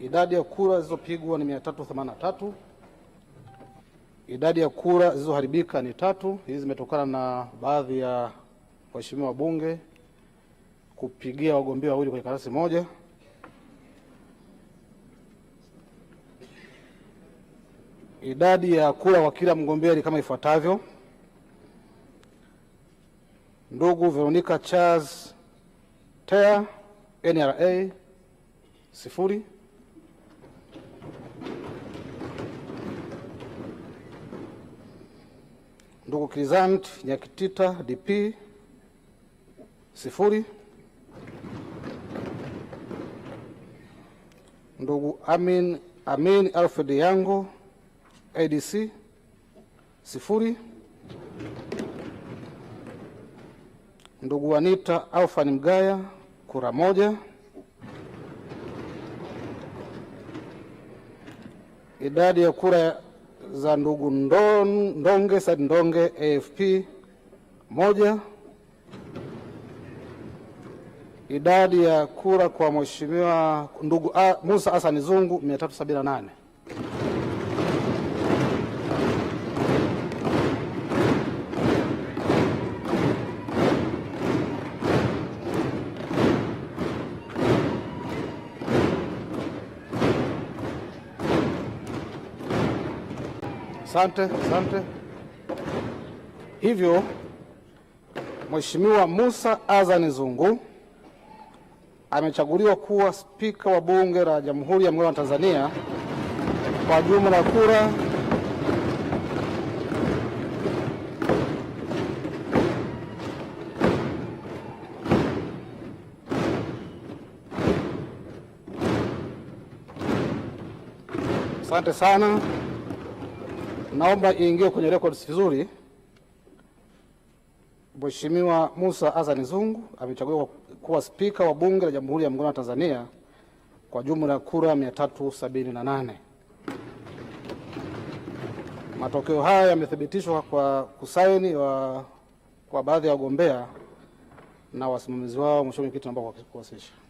Idadi ya kura zilizopigwa ni 383. Idadi ya kura zilizoharibika ni tatu. Hizi zimetokana na baadhi ya waheshimiwa wabunge kupigia wagombea wawili kwenye karatasi moja. Idadi ya kura kwa kila mgombea ni kama ifuatavyo: ndugu Veronica Charles Tea NRA sifuri. Ndugu Crisant Nyakitita DP sifuri. Ndugu Amin, Amin Alfred Yango ADC sifuri. Ndugu Anita Alfani Mgaya kura moja. Idadi ya kura ya za ndugu Ndon, Ndonge Said Ndonge AFP. Moja, idadi ya kura kwa mheshimiwa ndugu ah, Musa Asani Zungu 378. Asante, asante. Hivyo Mheshimiwa musa azani Zungu amechaguliwa kuwa spika wa Bunge la Jamhuri ya Muungano wa Tanzania kwa jumla ya kura Asante sana naomba iingie kwenye records vizuri. Mheshimiwa musa Azani Zungu amechaguliwa kuwa spika wa bunge la Jamhuri ya Muungano wa Tanzania kwa jumla ya kura 378. Matokeo haya yamethibitishwa kwa kusaini wa, kwa baadhi ya wagombea na wasimamizi wao. Mheshimiwa Mwenyekiti, naomba kuwasilisha.